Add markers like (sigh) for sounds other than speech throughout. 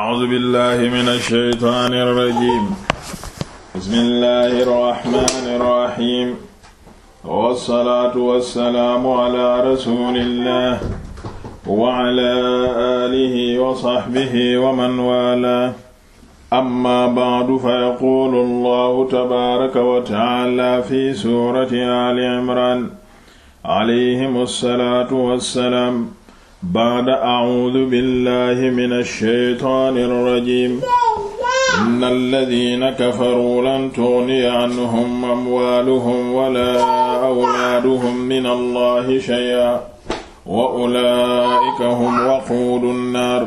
A'uuzu billaahi mina shaytaani rajiim. Bismillaahi rahmaani rahiim. Wassalaatu wassalaamu alaa rasuulillaah wa alaa aalihi wa sahbihi wa man waalaa. Ammaa ba'du fa yaquulu Allaahu tabaaraka wa ta'aalaa fi suurati Aali Imraan alayhimu salaatu wassalaam. baada acuudu billahi min alsheytaani alrajim inna alladina kafaruu lan tugniya canhum amwaaluhum wala awlaaduhum min allahi shay'a wa ulaa'ika hum waquudu nnaar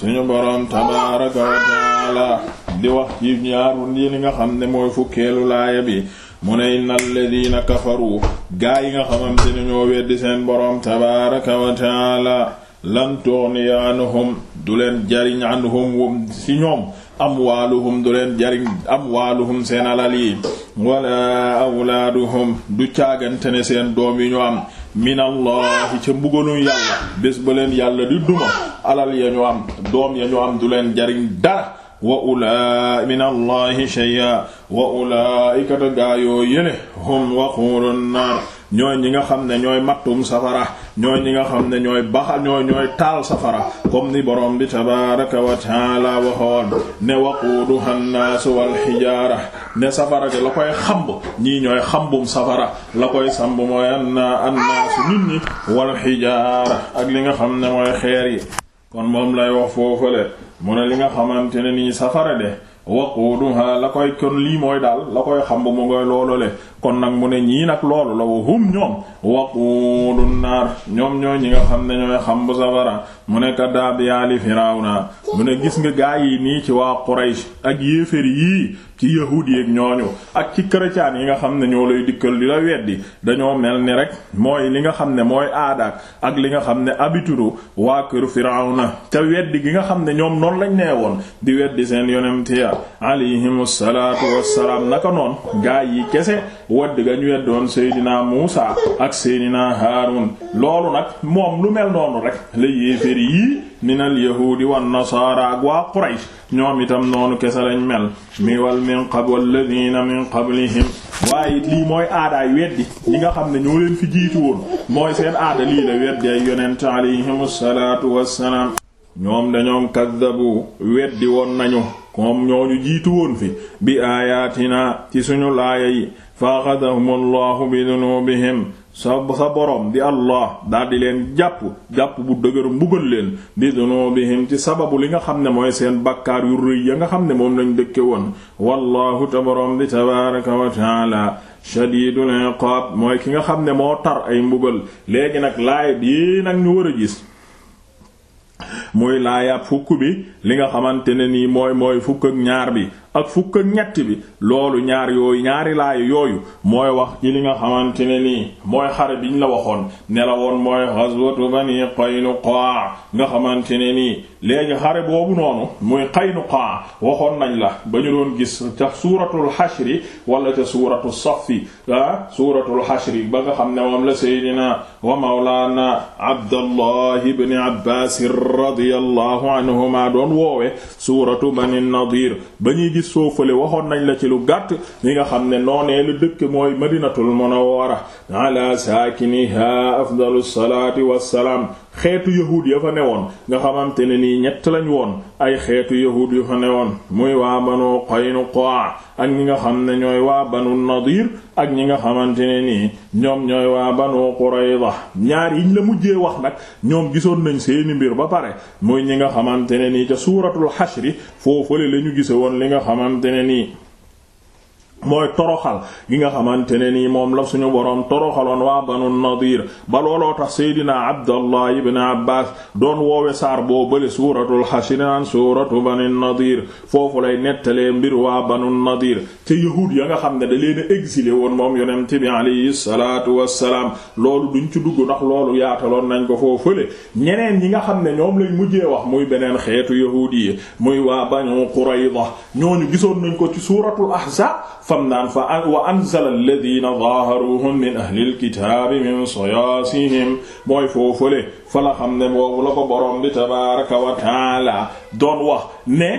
suñu boroom tabaaraka wa tacaala di wax ci ñaaru yi li nga xam ne mooy fukkeelu laaya bi mu ne inna alladina kafaru gaa yi nga xamante ne ñoo weddi seen boroom tabaaraka wa taala lan tughniya anhum du leen jariñ anhum wum ci ñoom amwaaluhum du leen jariñ amwaaluhum seen alal yi wala awlaaduhum du caagante ne seen doom yi ñu am minallahi ca mbugalu yàlla bés ba leen yàlla di duma alal ya ñu am doom ya ñu am du leen jariñ dara wa ulaa min allahi shay'a wa ulaa'ika te gaayoo yële hum waquulun naar ñooy ñi nga xam ne ñooy mattum safara ñooy ñi nga xam ne ñooy baxa ñooy ñooy taal safara comme ni borom bi tabaaraka wa taala waxoon ne waquuduha nnaasu wal xijaara ne safara gi la koy xamb ñii ñooy xambum safara la koy samb mooy annaa annaasu nit wal xijaara ak li nga xam ne mooy xeer yi kon moom lay wax foofale mu ne li nga xamante ne nii safara de waquuduha la koy kon lii mooy daal la koy xam bu mu ngoy loolole kon nag mu ne ñii nag loolu la wa hum ñoom waquudun naar ñoom ñooy ñi nga xam ne ñooy xam bu safara mu ne kaddaab yaali firawna mu ne gis nga gaa yi nii ci waa Quraysh ak yéeféer yii ci yahuud yi ak ñooñu ak ci chrétien yi nga xam ne ñoo lay dikkal di la weddi dañoo mel ni rek mooy li nga xam ne mooy aadaak ak li nga xam ne habitude waa kër firawna ca weddi gi nga xam ne ñoom noonu lañ nee woon di weddi seen yonent ya alayhimu salaatu wassalaam naka noon gaa yi kese wadd ga ñu weddoon Seydina Muusa ak Seydina Haarun loolu nag moom lu mel noonu rek la yéeféer yii minal yahuudi wan nasaara ak waa Quraysh ñoom itam noonu kese lañ mel mi wal min qabl alladhiina min qablihim waaye lii mooy aadaay weddi ñi nga xam ne ñoo leen fi jiitu woon mooy seen aada lii la weddi ay yonent alayhimu salaatu wassalaam ñoom dañoom kaddabu weddi woon nañu comme ñooñu jiitu woon fii bi aayaatina ci suñu laaya yi fa axadahum allahu bi dunubihim sa sa boroom di allah daldi leen jàpp jàpp bu dëgër mbugal leen bi dunubihim ci sababu li nga xam ne mooy seen bakkaar yu rëy ya nga xam ne moom lañ dëkke woon wallahu te boroom di tabaraka wa taala shadidul iqaab mooy ki nga xam ne moo tar ay mbugal léegi nag laaya bii nag ñu war a gis muy laaya fukk bi li nga xamante ni nii mooy mooy fukk ak ñaar bi ak fukk ak ñett bi loolu ñaar yooyu ñaari laay yooyu mooy wax ci li nga xamante ne nii mooy xare biñ la waxoon ne la woon mooy ghazwatu bani Qaynuqa nga xamante ne nii léegi xare boobu noonu mooy muy Qaynuqa waxoon nañ la ba ñu doon gis ca suuratul xashri wala ca suuratu saffi ah suuratul xashri ba nga xam ne moom la seydina wa mawlaana Abdallah ibn Abbaas radiyallahu anhuma doon woowe suuratu bani Nadiir gis soo fële waxoon nañu la ci lu gàtt li nga xam ne noonee lu dëkk mooy madinatul munawwara ala saakiniha afdalus salaati salaam xeetu yahuud ya fa woon nga xamante ne nii ñett lañu woon ay xeetu yahuud yu fa woon muy waa banu Qaynuqaa ak ñi nga xam ne ñooy waa banu Nadiir ak ñi nga xamante ne nii ñoom ñooy waa banu Qurayza ñaar yiñ la mujjee wax nag ñoom gisoon nañ seeni mbir ba pare muy ñi nga xamante ne nii ca suuratul xashri foofale la ñu gise woon li nga xamante ne nii mooy toroxal gi nga xamante ne nii moom la suñu boroom toroxaloon waa banu nadir ba looloo tax seydina abdallah ibn abbas doon woowe saar boo bële suuratul xashinaan suuratu banu nadir foofu lay nettalee mbir waa banu nadir te yahuud ya nga xam ne da leen a woon moom yonent bi alayhi salaatu wassalaam loolu duñ ci dugg ndax loolu yaataloon nañ ko foofule ñeneen ñi nga xam ne ñoom lañ mujjee wax muy beneen xeetu yahuud yi muy waa banu qurayda ñooñu gisoon nañ ko ci suuratul ahzab fam naan fa wa anzala alladina zaaharuhum min ahlil kitaabi min sayaasihim mooy foofale fa la xam ne boobu la ko boroom bi tabaraka wa taala wax ne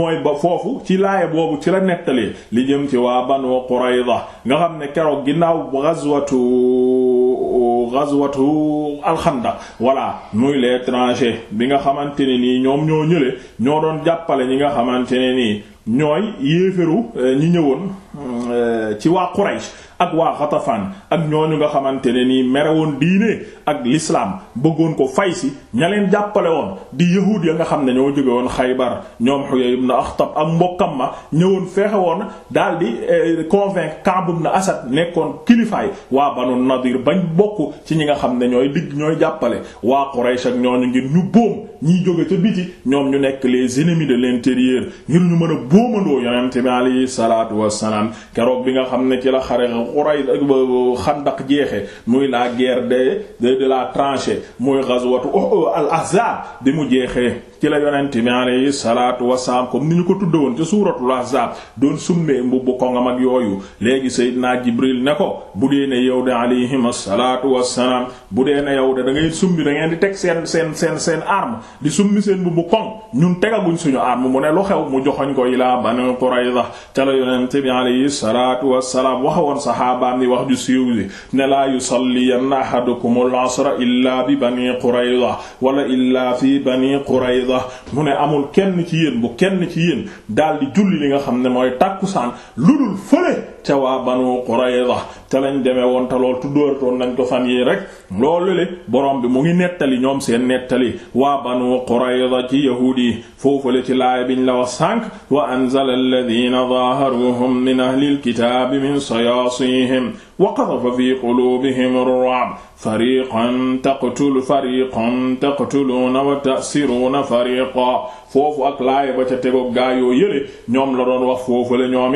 mooy ba foofu ci laaya boobu ci la nettali li jëm ci waa banu qurayda nga xam ne keroog ginnaaw ghazwatu ghazwatu alxanda voilà muy les tranchées bi nga xamante ne nii ñoom ñoo ñële ñoo doon jàppale ñi nga xamante ne ni ñooy yéeféru euh, ñi ñëwoon euh, ci waa Quraysh ak waa Ghatafan ak ñooñu nga xamante ne nii merewoon diine ak l'islam bëggoon ko fay si ña leen jàppale woon di yahuud ya nga xam ne ñoo jóge woon Xaybar ñoom Huyay ibn Akhtab ak mbokkam ma ñëwoon fexe woon daal di euh, convaincre Ka'b ibn Asad nekkoon kilifaay waa Banu Nadir bañ bokk ci ñi nga xam ne ñooy digg ñooy jàppale waa Quraysh ak ñooñu ngir ñu boom ñiy jóge ca biti ñoom ñu nekk les ennemis de l'intérieur ngir ñu mën a boomandoo yonent bi alayhi salaatu wassalaam keroog bi nga xam ne ci la xare xuray xandak jeexe muy la guerre de de la tranchée muy ghazwatu euh, al ahzab bi mu jeexee ci la yonent bi alayhi salaatu wasalaam comme ni ñu ko tudd woon ci suuratul ahzaab doon summee mbubbu a ak yooyu léegi Seydina Jibril ne ko bu dee ne yow de alayhim wa wassalaam bu dee ne yow de da ngay summi da ngeen di teg seen seen seen seen arme di summi seen mbubbu koŋ ñun tegaguñ suñu arme mu ne lu xew mu joxoñ ko ilaa Banu Qurayza ca la yonent bi alayhi salaatu wassalaam waxoon saxaabaam ni wax ju siiw ji ne laa yusalliyanna ahadukumul asra illaa bi Bani Qurayza wala illaa fi fariida mu ne amul kenn ci yéen bu kenn ci yéen daal di julli li nga xam ne mooy tàkkusaan lu dul fële ca waa banu qurayza ca lañ demee woon te lool tuddooratoon nañ ko fan yi rek loolu borom bi mu ngi nettali ñoom seen nettali waa banu qurayza ci yahuud yi foofule ci laay biñ la wax sànq wa anzala alladhina dhaharuhum min ahli alkitaabi min sayaasihim wa qadhafa fi qulubihim ar-ru'b fariqan taqtul fariqan taqtuluuna wa ta'siruuna fariqa foofu ak laay ca tegoog gaayoo yële ñoom la doon wax foofule ñoom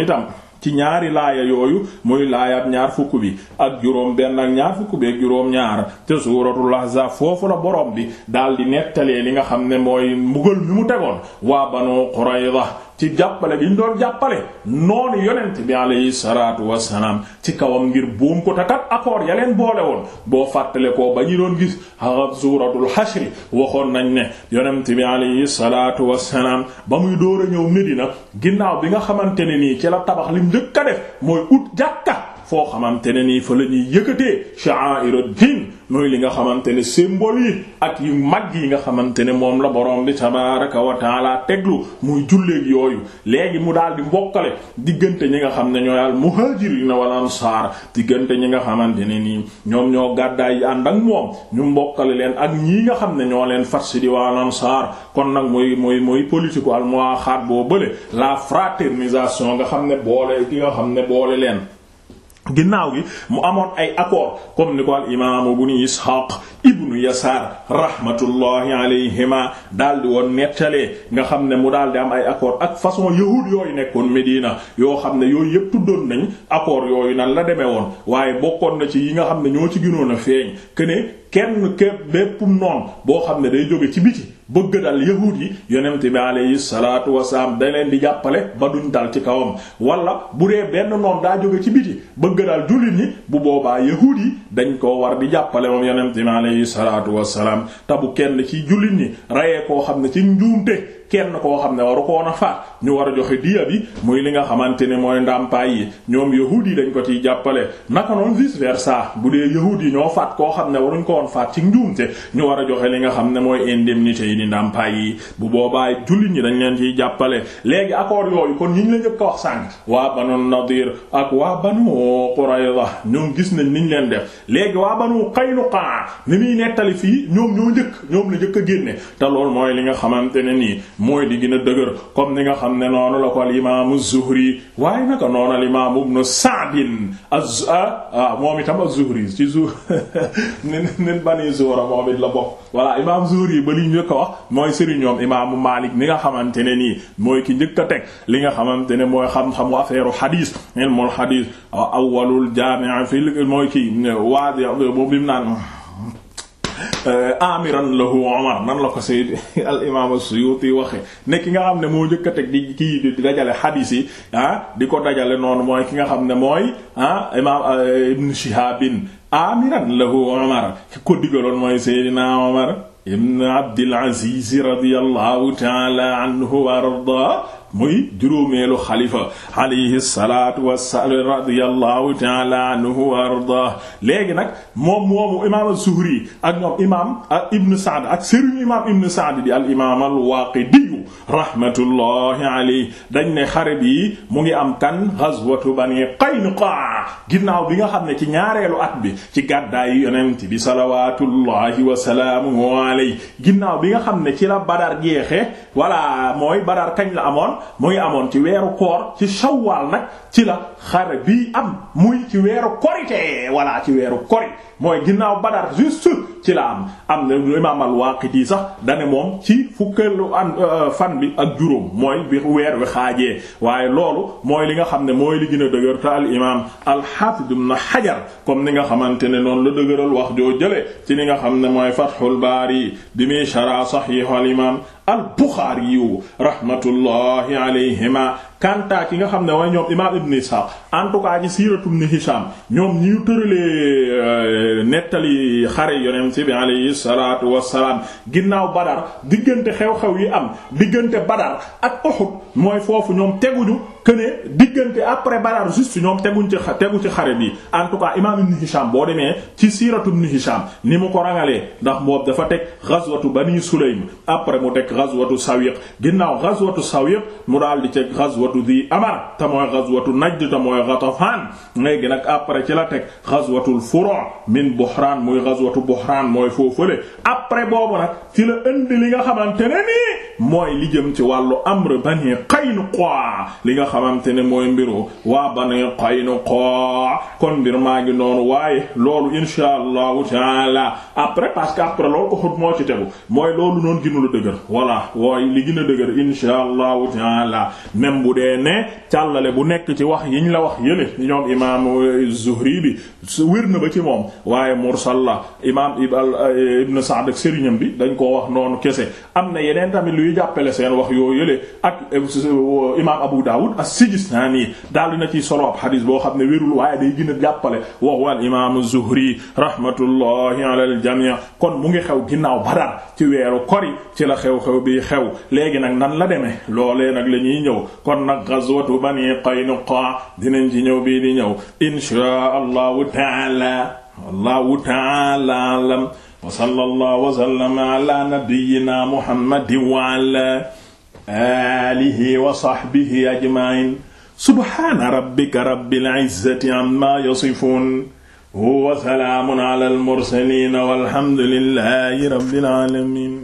ci ñaari laaya yooyu muy laayaab ñaar fukk bi ak juróom benn ak ñaar fukk bi ak juróom ñaar te suuratul ahzaab foofu la borom bi daal di nettalee li nga xam ne mooy mbugal mi mu tegoon waa banu qurayza ci jàppale bi ñu doon jàppale noonu yonent bi alayhi salaatu wassalaam ci kawam ngir buum ko takat accord ya leen boole woon boo fàttale ko ba ñu doon gis axab suuratul xashri waxoon nañ ne yonent bi alayhi salaatu wassalaam ba muy door a ñëw Medina ginnaaw bi nga xamante ne nii ci la tabax li njëkk a def mooy ut jàkka foo xamante ne nii fa la ñuy yëkkatee sha'airud din mooy li nga xamante ne symbole yi ak yu mag yi nga xamante ne moom la borom bi tabaaraka wa taala teglu muy julleeg yooyu léegi mu daal di mbokkale diggante ñi nga xam ne ñooy al muhaajiriina wal ansaar diggante ñi nga xamante ne nii ñoom ñoo gàddaay yi ànd ak moom ñu mbokkale leen ak ñii nga xam ne ñoo leen far si di kon nag mooy mooy mooy politique al muwaaxaat boo bële la fraternisation nga xam ne boole ki nga xam ne boole leen ginnaaw gi mu amoon ay accord comme ni ko al imaamu ibnu Isxaaq ibnu Yasaar rahmatullahi alayhima daal di woon nettalee nga xam ne mu daal di am ay accord ak façon yahuud yooyu nekkoon Medina yoo xam ne yooyu yëpp tuddoon nañ accord yooyu nan la demee woon waaye bokkoon na ci yi nga xam ne ñoo ci gënoon a feeñ que ne kenn képp bépp noon boo xam ne day jóge ci biti bëgg dal yahuud yi yonent bi alayhi salaatu wasalaam da leen di jàppale ba duñ dal ci kawam wala bu dee benn noon daa jóge ci biti bëgg dal jullit ñi bu boobaa yahuud yi dañ koo war di jàppale moom yonent bi alayhi salaatu wasalaam te bu kenn ci jullit ñi rayee koo xam ne ci njuumte kenn koo xam ne waru koon a faat ñu war a joxe diya bi muy li nga xamante ne mooy ndàmpaay yi ñoom yahuud yi dañ ko ciy jàppale naka noonu vice versa bu dee yahuud yi ñoo faat koo xam ne waruñ ko woon faat ci njuumte ñu war a joxe li nga xam ne mooy indemnité yi di ndàmpaay yi bu boobaa jullit ñi dañ leen ciy jàppale léegi accord yooyu kon ñi ñu la njëkk a wax sànq waa banu nadir ak waa banu qurayza ñoom gis nañ niñ leen def léegi waa banu qaynuqa ni muy nettali fii ñoom ñoo njëkk ñoom la njëkk a génne te loolu mooy li nga xamante ne nii mooy di gën a dëgër comme ni nga xam ne noonu la ko al imaamu Zuhri waaye naka noonu al imaamu ibnu Sa'din az ah moom itam az-Zuhri ci Zuhri (laughs) nin nin bani Zuhra moom la bokk voilà imaam Zuhri ba li njëkk wax mooy sëriñ ñoom imaamu Maalik ni nga xamante ne nii mooy ki njëkk a teg li nga xamante ne mooy xam-xamu affaire xadiis ilmul xadiis awwalul jaami' fil mooy ki waadi boobu bi mu naan Eh, amiran lahu Umar nan la ko sayyid (laughs) al imaam ne ki nga xam ne moo njëkk a di kii di dajale xadiis yi ah di ko dajale noonu mooy ki nga xam ne mooy ah imaam eh, ibn Shihaabin amiran lahu Umar ki ko digaloon mooy Seydina Umar ibn Abdul Aziz radiyallahu ta'ala anhu wa muy juróomeelu xalifa alayhi salaatu wassalaam ta'ala anhu wa ardaah léegi nag moom moomu imaam az-Zuhri ak ñoom imaam ah, ak Ibn ak sëriñ imaam Ibn Sa'd di al imaam al-Waaqidi rahmatullahi alayhi dañ ne xare bi mu ngi am kan ghazwatu Bani Qaynuqa ginnaaw bi nga xam ne ci ñaareelu at bi ci gàddaayu yonent bi salawaatullahi wa salaamuhu alayhi ginnaaw bi nga xam ne ci la Badar jeexe walla mooy Badar kañ la amoon mu ngi amoon ci weeru koor ci shawwal nag ci la xare bii am muy ci weeru korite walla ci weeru kori mooy ginnaaw badar juste ci la am am na imaam al sax dane moom ci fukkeelu an euh, fan bi ak juróom mooy bi weer wi xaajee waaye loolu mooy li nga xam ne mooy li gën a dëgër te al imaam al-Haafiz ibn Hajar comme ni nga xamante ne noonu la dëgëral wax joo jële ci li nga xam ne mooy Fathul Baari bi muy shara Sahih imaam al Buxaari yu rahmatullahi alayhima kanta ki nga xam ne way ñoom imaam ibn Ishaq en tout cas ñi siiratu ibn Hisham ñoom ñi ñu tëralee euh, nettali xare yonent bi alayhi salaatu wassalaam ginnaaw Badar diggante xew-xew yi am diggante Badar ak Uhud mooy foofu ñoom teguñu que ne diggante après Badar juste ñoom teguñ ci tegu ci xare bi en tout cas imaam ibn Hisham boo demee ci siiratu ibn Hisham ni mu ko rangalee ndax moom dafa teg ghazwatu Bani Sulaym après mu teg ghazwatu Sawiq ginnaaw ghazwatu Sawiq mu ghazwatu di amar te mooy ghazwatu najd te mooy ghatafan léegi nag après ci la teg ghazwatul furu' min buhraan muy ghazwatu buhraan mooy foofule après boobu nag ci la indi li nga xamante ne nii mooy li jëm ci wàllu amr bani qaynuqaa li nga xamante ne mooy mbiru waa bani qaynuqaa kon mbir maa ngi waaye loolu insha taala après parce après loolu ko xut moo tegu mooy loolu noonu gënula dëgër voilà wooy li gën a dëgër insha taala même dee ne càllale bu nekk ci wax yiñ la wax yële ñoom imaam Zuhri bi wér na ba ci moom waaye mursal la imaam eh, Ibn Sa'd ak sëriñam bi dañ koo wax noonu kese am na yeneen tamit luy jàppale seen wax yoo yële ak eh, imaam Abu Dawud naa sijistani daal na ci solo ab xadiis boo xam ne wérul waaye day gën a jàppale waxu al imaam Zuhri rahmatullahi ala al jami' kon mu ngi xew ginnaaw Badar ci weeru kori ci la xew-xew bi xew léegi nag nan la deme loolee nag la ñuy nag ghazwatu bani Qaynuqa dinañ ci ñëw bii di ñëw inshaa allahu taala allahu taala alam wa sallallahu wa sallama ala nabiyyina muhammadin wa ala alihi wa sahbihi ajma'in subhana rabbika rabbil izzati amma yasifun wa salaamun ala al mursalin walhamdulillahi rabbil alamin